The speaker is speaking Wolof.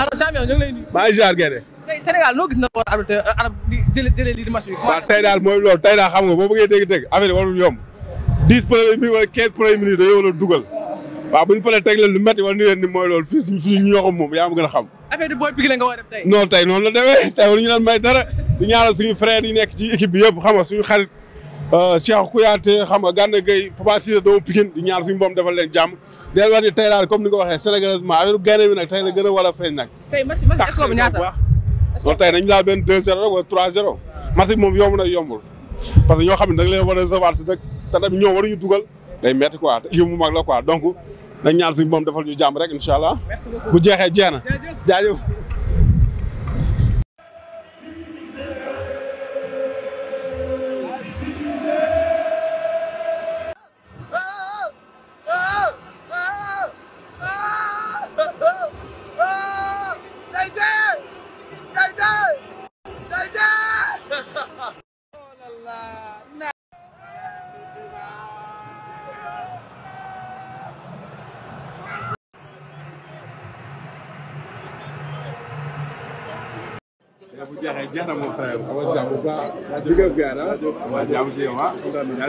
alors champion ñu ngi lay nuyu. maa ngi ziar gerte. tey noo gis na war a arbitre euh, arab di jëlee jëlee lii di match bi. waaw tey daal mooy loolu tey daal xam nga boo bëggee dégg-dégg affaire yi warul yomb dix premières minutes wala quinze a dugal waaw bu ñu paree teg leen lu métti wala ni leen lool mooy loolu fii suñu ñoxam moom yaa ma gën a xam. affaire bi booy pigile nga war a def tey. non may dara di ñaanal suñu frère yi nekk ci équipe bi yëpp xam nga suñu xarit Euh, Cheikh Kouyaté xam nga Gana Gueye Papa Cissé doomu Pikine di ñaan suñu boom defal leen jàmm di leen wax ni tey daal comme ni nga ko waxee sénégalaisement affaire gaynde bi nag tey la gën a a feeñ nag. tey na bi score bi ñaata la tey dañu rek wala 3-0. match moom yomb na yombul parce que ñoo xam ne da leen war a recevoir si dëkk te tamit ñoo waruñu dugal day metti quoi te yëngu mu mag la quoi donc dañ ñaan suñu boom defal ñu jàmm rek incha allah. bu jeexee jeex na jaajëf. Allah. No. bu jeexee jeex na moom frère. awa jàmm bu baax. rajo bi nga gën a. rajo bi nga gën a.